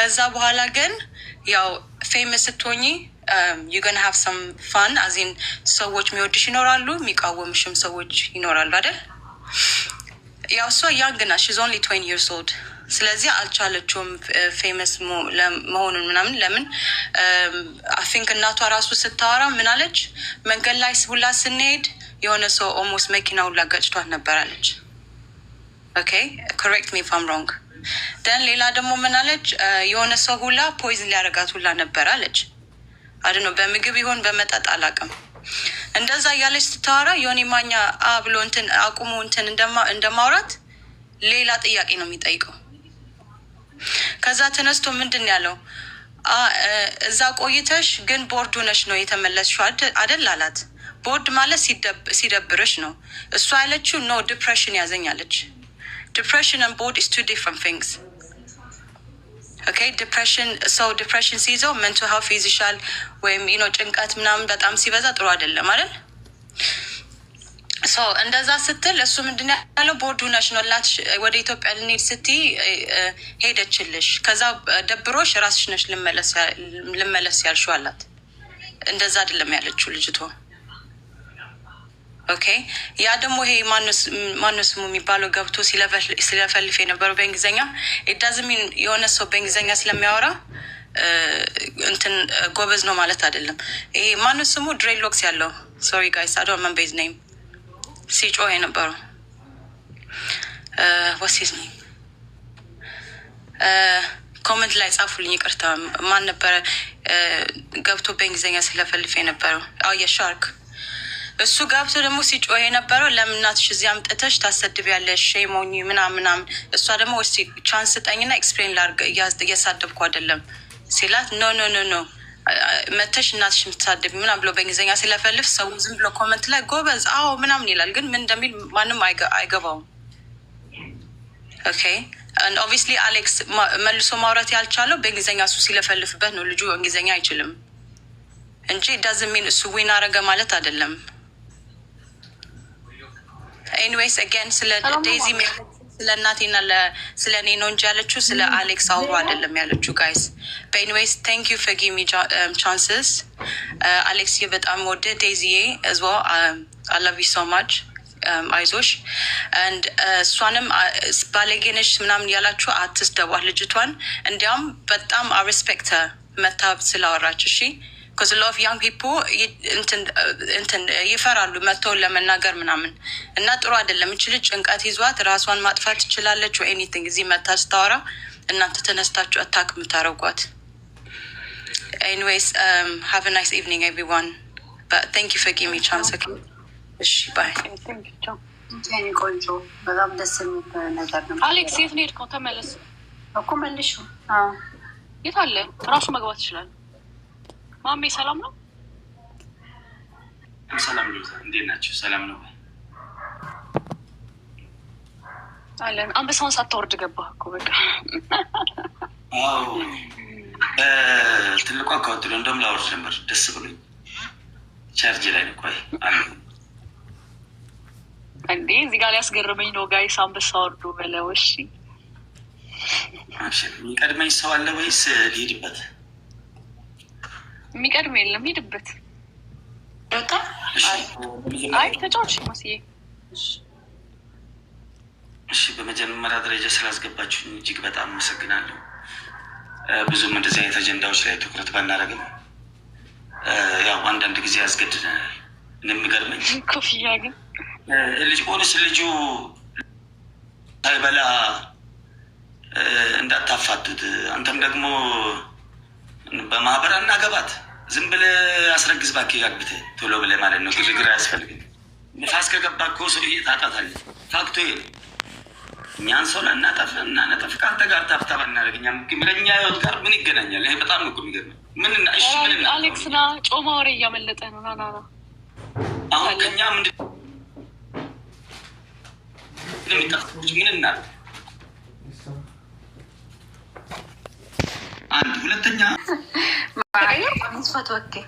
ከዛ በኋላ ግን ያው ፌመስ ስትሆኚ ዩገን ሀቭ ሰም ፋን አዚን ሰዎች የሚወድሽ ይኖራሉ፣ የሚቃወምሽም ሰዎች ይኖራሉ አይደል? ያው እሷ ያንግ ናት፣ ሺዝ ኦንሊ ትዌንቲ ይርስ ኦልድ። ስለዚህ አልቻለችውም ፌመስ መሆኑን ምናምን። ለምን አፊንክ um, እናቷ ራሱ ስታወራ ምን አለች? መንገድ ላይ ሁላ ስንሄድ የሆነ ሰው ኦልሞስት መኪና ሁላ ገጭቷት ነበራለች። ኦኬ ኮሬክት ሚ ፋም ሮንግ ደን ሌላ ደግሞ ምን አለች? የሆነ ሰው ሁላ ፖይዝን ሊያደርጋት ሁላ ነበር አለች። አድ ነው በምግብ ይሆን በመጠጥ አላውቅም። እንደዛ እያለች ስታወራ ዮኒ ማኛ አብሎ እንትን አቁሙ እንትን እንደማውራት ሌላ ጥያቄ ነው የሚጠይቀው። ከዛ ተነስቶ ምንድን ያለው እዛ ቆይተሽ ግን ቦርድ ሆነሽ ነው የተመለስሽው አደል አላት። ቦርድ ማለት ሲደብርሽ ነው እሱ ያለችው። ኖ ዲፕሬሽን ያዘኝ አለች። ዲፕሬሽን ኤንድ ቦርድ ኢዝ ቱ ዲፍረንት ቲንግስ ኦኬ ዲፕሬሽን ሰው ዲፕሬሽን ሲይዘው መንቱ ሀልፍ ይዝሻል ወይም ኖ ጭንቀት ምናምን በጣም ሲበዛ ጥሩ አይደለም አይደል ሶ እንደዛ ስትል እሱ ምንድን ያለው ቦርዱ ነሽ ወደ ኢትዮጵያ ልንሄድ ስትይ ሄደችልሽ ከዛ ደብሮሽ ራስሽ ነሽ ልመለስ ያልሽው አላት እንደዛ አይደለም ያለችው ልጅቷ ኦኬ ያ ደግሞ ይሄ ማነው ስሙ የሚባለው ገብቶ ሲለፈልፍ የነበረው በእንግሊዝኛ ኢዳዝሚን የሆነ ሰው በእንግሊዝኛ ስለሚያወራ እንትን ጎበዝ ነው ማለት አይደለም። ይሄ ማነው ስሙ ድሬድሎክስ ያለው ሶሪ ጋይስ አይ መንቤዝ ኔም የነበረው ወሲዝ ኔም ኮመንት ላይ ጻፉልኝ። ይቅርታ ማን ነበረ ገብቶ በእንግሊዝኛ ስለፈልፍ የነበረው? አዎ oh, የሻርክ እሱ ጋብቶ ደግሞ ሲጮህ የነበረው ለምን እናትሽ እዚህ አምጥተሽ ታሰድቢያለሽ? ሸሞኝ ምናምን ምናምን። እሷ ደግሞ ወስ ቻንስ ስጠኝና ኤክስፕሌን ላድርግ እያሳደብኩ አይደለም ሲላት ኖ ኖ ኖ ኖ መተሽ እናትሽ የምትሳደቢ ምናምን ብሎ በእንግሊዝኛ ሲለፈልፍ ሰው ዝም ብሎ ኮመንት ላይ ጎበዝ አዎ ምናምን ይላል፣ ግን ምን እንደሚል ማንም አይገባውም። ኦኬ ኦብቪስሊ አሌክስ መልሶ ማውራት ያልቻለው በእንግሊዝኛ እሱ ሲለፈልፍበት ነው። ልጁ እንግሊዝኛ አይችልም እንጂ ዳዝሚን እሱ ዊን አረገ ማለት አይደለም። ኤኒዌይስ አገን ስለ ዴዚ ስለ እናቴና ስለ እኔ ነው እንጂ ያለችው ስለ አሌክስ አውሮ አይደለም ያለችው። ጋይስ በኤኒዌይስ ታንክ ዩ ፎር ጊቭ ሚ ቻንስስ። አሌክስ በጣም ወደ ዴዚዬ እዝ አይ ላቭ ዩ ሶ ማች አይዞሽ አንድ እሷንም ባለጌነሽ ምናምን ያላችሁ አትስደቧት ልጅቷን። እንዲያውም በጣም አሪስፔክት መታ ስላወራች እሺ ኮዝ ሎቭ ያንግ ፒፕ እንትን ይፈራሉ መጥተውን ለመናገር ምናምን እና ጥሩ አይደለም። እች ልጅ ጭንቀት ይዟት ራሷን ማጥፋት ትችላለች ወይ ኤኒቲንግ እዚህ መታ ስታወራ እናንተ ተነስታችሁ አታክ የምታደርጓት። ኤኒዌይስ ሃቭ ናይስ ኢቭኒንግ ኤቭሪዋን ቴንክ ዩ ፈጊሚ ቻንስ እሺ ባይ ቆንጆ በጣም ደስ የሚል ነገር ነው። አሌክስ የት ነው የሄድከው? ተመለስ እኮ መልሽ። የት አለ? ራሱ መግባት ይችላል። ማሜ ሰላም ነው? ሰላም ነው። እንዴት ናቸው? ሰላም ነው አለን። አንበሳውን ሳታወርድ ገባ እኮ በቃ ትልቋ አካወጥሎ እንደውም ላወርድ ነበር ደስ ብሎኝ ቻርጅ ላይ ቆይ እንዴ እዚህ ጋር ሊያስገርመኝ ነው ጋይስ። አንበሳ ወርዶ በለው። እሺ የሚቀድመኝ ሰው አለ ወይስ ሊሄድበት? የሚቀድም የለም። ሂድበት። አይ ተጫዋች መስዬ እሺ፣ በመጀመሪያ ደረጃ ስላስገባችሁኝ እጅግ በጣም አመሰግናለሁ። ብዙም እንደዚህ አይነት አጀንዳዎች ላይ ትኩረት ባናደርግም ያው አንዳንድ ጊዜ ያስገድደናል። እንደሚገርመኝ ኮፍያ ግን ልጅ ኦንስ ልጁ ሳይበላ እንዳታፋቱት። አንተም ደግሞ በማህበር አናገባት ዝም ብለህ አስረግዝ እባክህ አግብተህ ቶሎ ብለህ ማለት ነው። ግግር አያስፈልግም። ንፋስ ከገባ እኮ ሰውዬ ታጣታለህ። ፋክቶ እኛን ሰው ላናጠፍ እናነጠፍ ከአንተ ጋር ታብታብ እናደርግኛ ለእኛ ህይወት ጋር ምን ይገናኛል? ይሄ በጣም ነው የሚገርመው። አሌክስ ና ጮማ ወሬ እያመለጠ ነው። ና ና ና አሁን ከኛ ምንድ የሚጠቅሙት ምን እናል አንድ ሁለተኛ صوت وقتي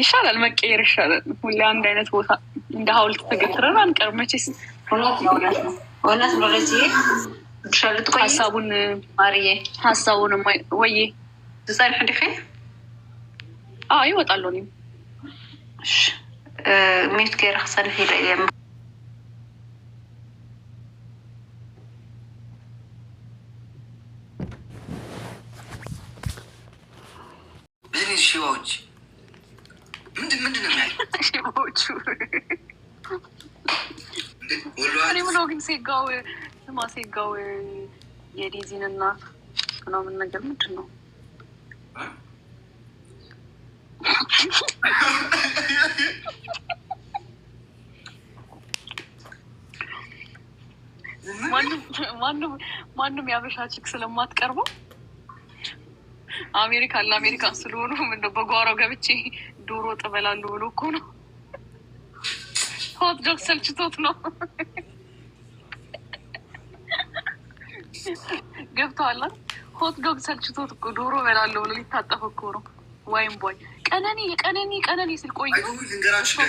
ይሻላል መቀየር ይሻላል። ሁሌ አንድ አይነት ቦታ እንደ ሀውልት ተገትረን አንቀር። መቼስ ሀሳቡን ማርዬ ሀሳቡን ወዬ ዝፀንሕ ዲኺ ይወጣሉ እኔም ሚዩት ገይረ ክፀንሕ ኢለ እየ ወይም ሲጋው ስማ፣ ሲጋው የዲዚን እናት ምናምን ነገር ምንድን ነው? ማንም የአበሻ ቺክ ስለማትቀርበው አሜሪካን ለአሜሪካን ስለሆኑ ምንደ በጓሮ ገብቼ ዶሮ ጥበላሉ ብሎ እኮ ነው። ሆት ዶግ ሰልችቶት ነው። ገብተዋላ ሆት ዶግ ሰልችቶት እኮ ዶሮ እበላለሁ ብሎ ሊታጠፈ እኮ ነው። ወይም ቦይ ቀነኒ ቀነኒ ቀነኒ ስል ቆዩ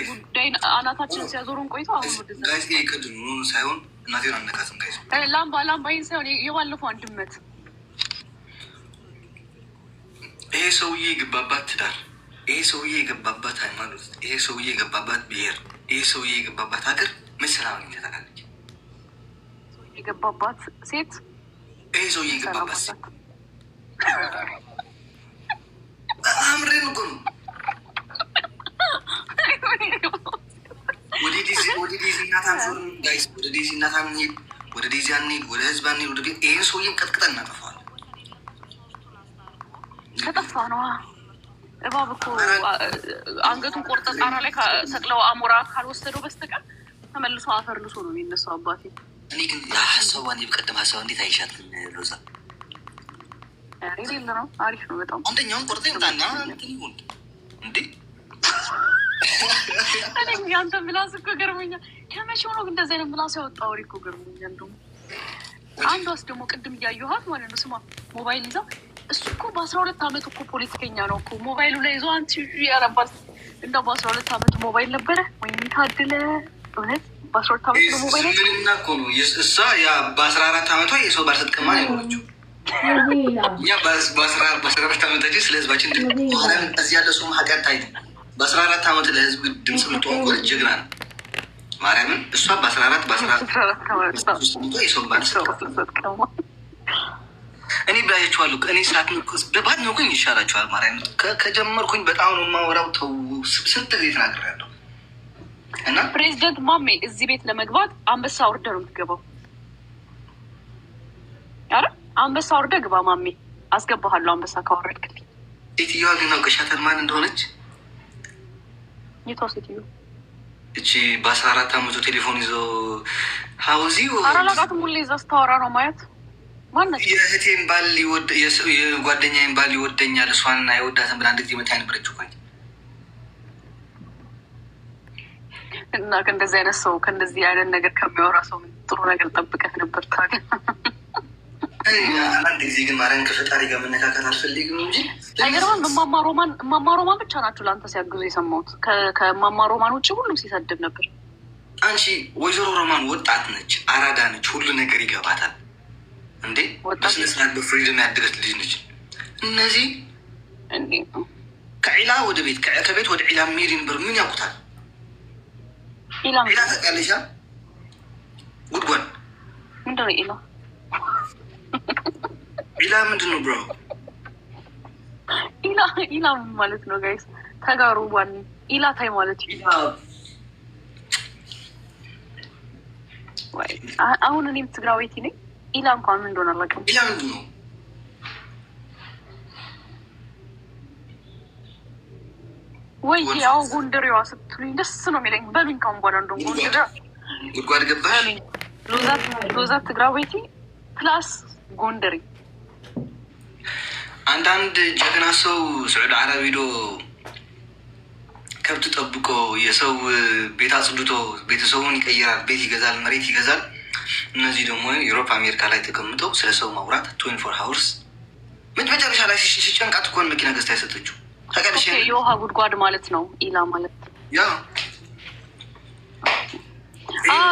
ጉዳይን አናታችንን ሲያዞሩን ቆይቶ አሁን ሳይሆን እናቴን ላምባ ላምባይን ሳይሆን የባለፈው አንድመት ይሄ ሰውዬ የገባባት ትዳር፣ ይሄ ሰውዬ የገባባት ሃይማኖት፣ ይሄ ሰውዬ የገባባት ብሔር፣ ይሄ ሰውዬ የገባባት ሀገር መሰላም ተታቃለች የገባባት ሴት ይሄ ሰው እየገባበት አምሬን እኮ ነው ወደ ዴዚ ወደ እናታን ዞር ጋይስ፣ ወደ ዴዚ እናታን እንሂድ፣ ወደ ዴዚ አንሂድ፣ ወደ ህዝብ አንሂድ። ወደ ይህን ሰውዬን ቀጥቅጠን እናጠፋዋለን። ከጠፋ ነዋ እባብ እኮ አንገቱን ቆርጠ ጣራ ላይ ሰቅለው አሞራ ካልወሰደው በስተቀር ተመልሶ አፈር ልሶ ነው የሚነሳው አባቴ እኔ ግን ሀሳቧ እኔ በቀደም ሀሳቧ እንዴት አይሻትም? ሎዛ አንደኛውን ቆርጠ ይምጣና እንትን ይሁን እንዴ ያንተ ምላስ እኮ ገርሞኛል። ከመቼ ሆኖ ግን እንደዚህ አይነት ምላስ ያወጣ ወሬ እኮ ገርሞኛል። ደግሞ አንዷስ ደግሞ ቅድም እያየኋት ማለት ነው ስማ ሞባይል ይዛ እሱ እኮ በአስራ ሁለት አመት እኮ ፖለቲከኛ ነው እኮ ሞባይሉ ላይ ይዞ አንቺ ያረባት እንደው በአስራ ሁለት አመት ሞባይል ነበረ ወይም ታድለ እውነት በአስራ አራት ዓመቷ የሰው ባል ነው የሆነችው። እኛ በአስራ አራት ዓመታችን ስለ ህዝባችን እዚህ ያለ ሰው ሀጢያት ታይቶ በአስራ አራት ዓመት ለህዝብ ድምፅ የምትሆን ጀግና ነው። ማርያምን እሷ በአስራ አራት በአስራ አራት የሰው ባል ስትቀማ እኔ ብላችኋለሁ። እኔ ሰዓት በባት ነኩኝ ይሻላችኋል። ማርያምን ከጀመርኩኝ በጣም ነው የማወራው። ተው ስንት ጊዜ ተናግሬያለሁ። እና ፕሬዚደንት ማሜ እዚህ ቤት ለመግባት አንበሳ ወርደ ነው የምትገባው። አረ አንበሳ ወርደ ግባ ማሜ፣ አስገባሃለሁ። አንበሳ ካወረድክልኝ። ሴትዮዋ ግን አውቀሻታል ማን እንደሆነች? የቷ ሴትዮ? እቺ በአስራ አራት አመቱ ቴሌፎን ይዞ ሀውዚ አራላቃት ሙሌ እዛ ስታወራ ነው ማየት የእህቴን ባል የጓደኛዬን ባል ይወደኛል እሷን አይወዳትም ብላ አንድ ጊዜ መታ ነበረችው። እና ከእንደዚህ አይነት ሰው ከእንደዚህ አይነት ነገር ከሚያወራ ሰው ጥሩ ነገር ጠብቀህ ነበር። ታዲያ አንድ ጊዜ ግን ማርያም ከፈጣሪ ጋር መነካከት አልፈልግም እንጂ ነገርን እማማ ሮማን እማማ ሮማን ብቻ ናቸው ለአንተ ሲያግዙ የሰማሁት። ከእማማ ሮማን ውጭ ሁሉም ሲሰድብ ነበር። አንቺ ወይዘሮ ሮማን ወጣት ነች፣ አራዳ ነች፣ ሁሉ ነገር ይገባታል። እንዴ በስነ ስርዓት በፍሪደም ልጅ ነች። እነዚህ ከዒላ ወደ ቤት ከቤት ወደ ዒላ ሜሪን ብር ምን ያውቁታል? ኢላ ታውቂያለሽ? ጉድጓድ ምንድን ነው ኢላ? ብሮ? ኢላ ኢላ ማለት ነው ጋይስ፣ ተጋሩ ባል ኢላ ታይ ማለት ነው። አሁን እኔም ትግራዊቲ ነኝ። ኢላ እንኳን ምን እንደሆነ አላውቅም። ኢላ ምንድን ነው? ወይ ያው ጎንደሬዋ ስትሉኝ ደስ ነው የሚለኝ። በሉኝ ካሁን በኋላ ጉድጓድ ገባሽ ሎዛ ፕላስ ጎንደሬ። አንዳንድ ጀግና ሰው ስዑድ ዓረብ ሂዶ ከብት ጠብቆ የሰው ቤት አጽድቶ ቤተሰቡን ይቀይራል፣ ቤት ይገዛል፣ መሬት ይገዛል። እነዚህ ደግሞ ዩሮፕ አሜሪካ ላይ ተቀምጠው ስለ ሰው ማውራት ትዌንቲ ፎር ሀውርስ መጨረሻ ላይ ሲጨንቃት እኮ መኪና ገዝታ አይሰጠችው። የውሃ ጉድጓድ ማለት ነው። ኢላ ማለት ያ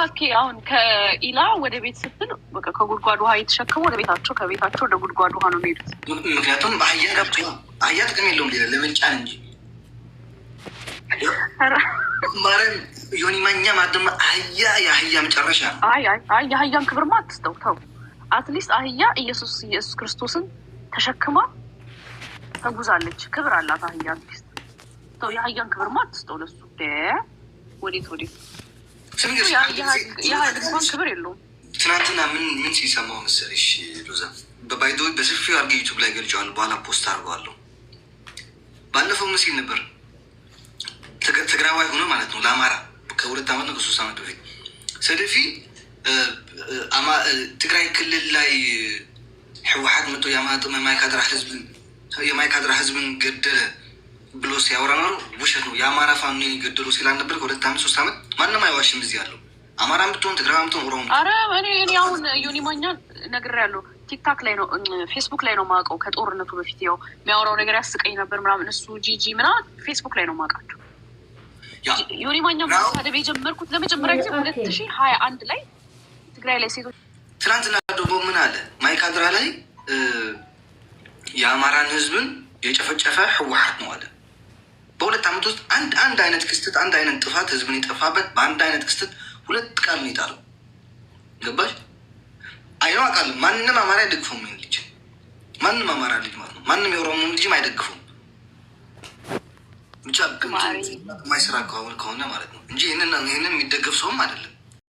ኦኬ። አሁን ከኢላ ወደ ቤት ስትል በቃ ከጉድጓድ ውሃ የተሸከሙ ወደ ቤታቸው፣ ከቤታቸው ወደ ጉድጓድ ውሃ ነው የሚሄዱት። ምክንያቱም አህያ ገብቶ አህያ ጥቅም የለውም ሌላ ለመጫን እንጂ ማረን ዮኒማኛ ማለት ማድማ አህያ የአህያ መጨረሻ የአህያን ክብርማ አትስተው ተው። አትሊስት አህያ ኢየሱስ ኢየሱስ ክርስቶስን ተሸክማ ተጉዛለች። ክብር አላት አህያ አትሊስት ሰው የአህያን ክብር ማ አትስጠው ለሱ ወዴት ወዴት የአህያን ክብር የለውም። ትናንትና ምን ምን ሲሰማው መሰለሽ ዶዛ በባይዶ በሰፊው አድርጌ ዩቱብ ላይ ገልጫዋል። በኋላ ፖስት አድርገዋለሁ። ባለፈው ምን ሲል ነበር? ትግራዋይ ሆኖ ማለት ነው ለአማራ ከሁለት ዓመት ነው ከሶስት ዓመት በፊት ሰደፊ ትግራይ ክልል ላይ ሕወሓት መቶ የአማራ ጥቅመ ማይካድራ ህዝብን የማይካድራ ህዝብን ገደለ ብሎ ሲያወራ ኖሮ ውሸት ነው። የአማራ ፋኖን ገደሉ ሲላል ነበር። ከሁለት ዓመት ሶስት ዓመት ማንም አይዋሽም። እዚህ ያለው አማራም ብትሆን ትግራይም ብትሆን ኦሮሞ። ኧረ እኔ አሁን ዩኒማኛ ያለው ቲክታክ ላይ ነው ፌስቡክ ላይ ነው የማውቀው። ከጦርነቱ በፊት ያው የሚያወራው ነገር ያስቀኝ ነበር ምናምን። እሱ ጂጂ ምናምን ፌስቡክ ላይ ነው የማውቃቸው። ዩኒማኛ መሳደብ የጀመርኩት ለመጀመሪያ ጊዜ ሁለት ሺህ ሀያ አንድ ላይ ትግራይ ላይ ሴቶች ትናንትና ደግሞ ምን አለ ማይካድራ ላይ የአማራን ህዝብን የጨፈጨፈ ህወሀት ነው አለ። በሁለት ዓመት ውስጥ አንድ አንድ አይነት ክስተት አንድ አይነት ጥፋት ህዝብን የጠፋበት በአንድ አይነት ክስተት ሁለት ቃል ነው የጣለው። ገባሽ? አይነው አውቃለሁ። ማንም አማራ አይደግፈውም ይሄን ልጅ፣ ማንም አማራ ልጅ ማለት ነው። ማንም የኦሮሞ ልጅም አይደግፈውም። ብቻ የማይሰራ ከሆነ ማለት ነው እንጂ ይህንን የሚደገፍ ሰውም አይደለም።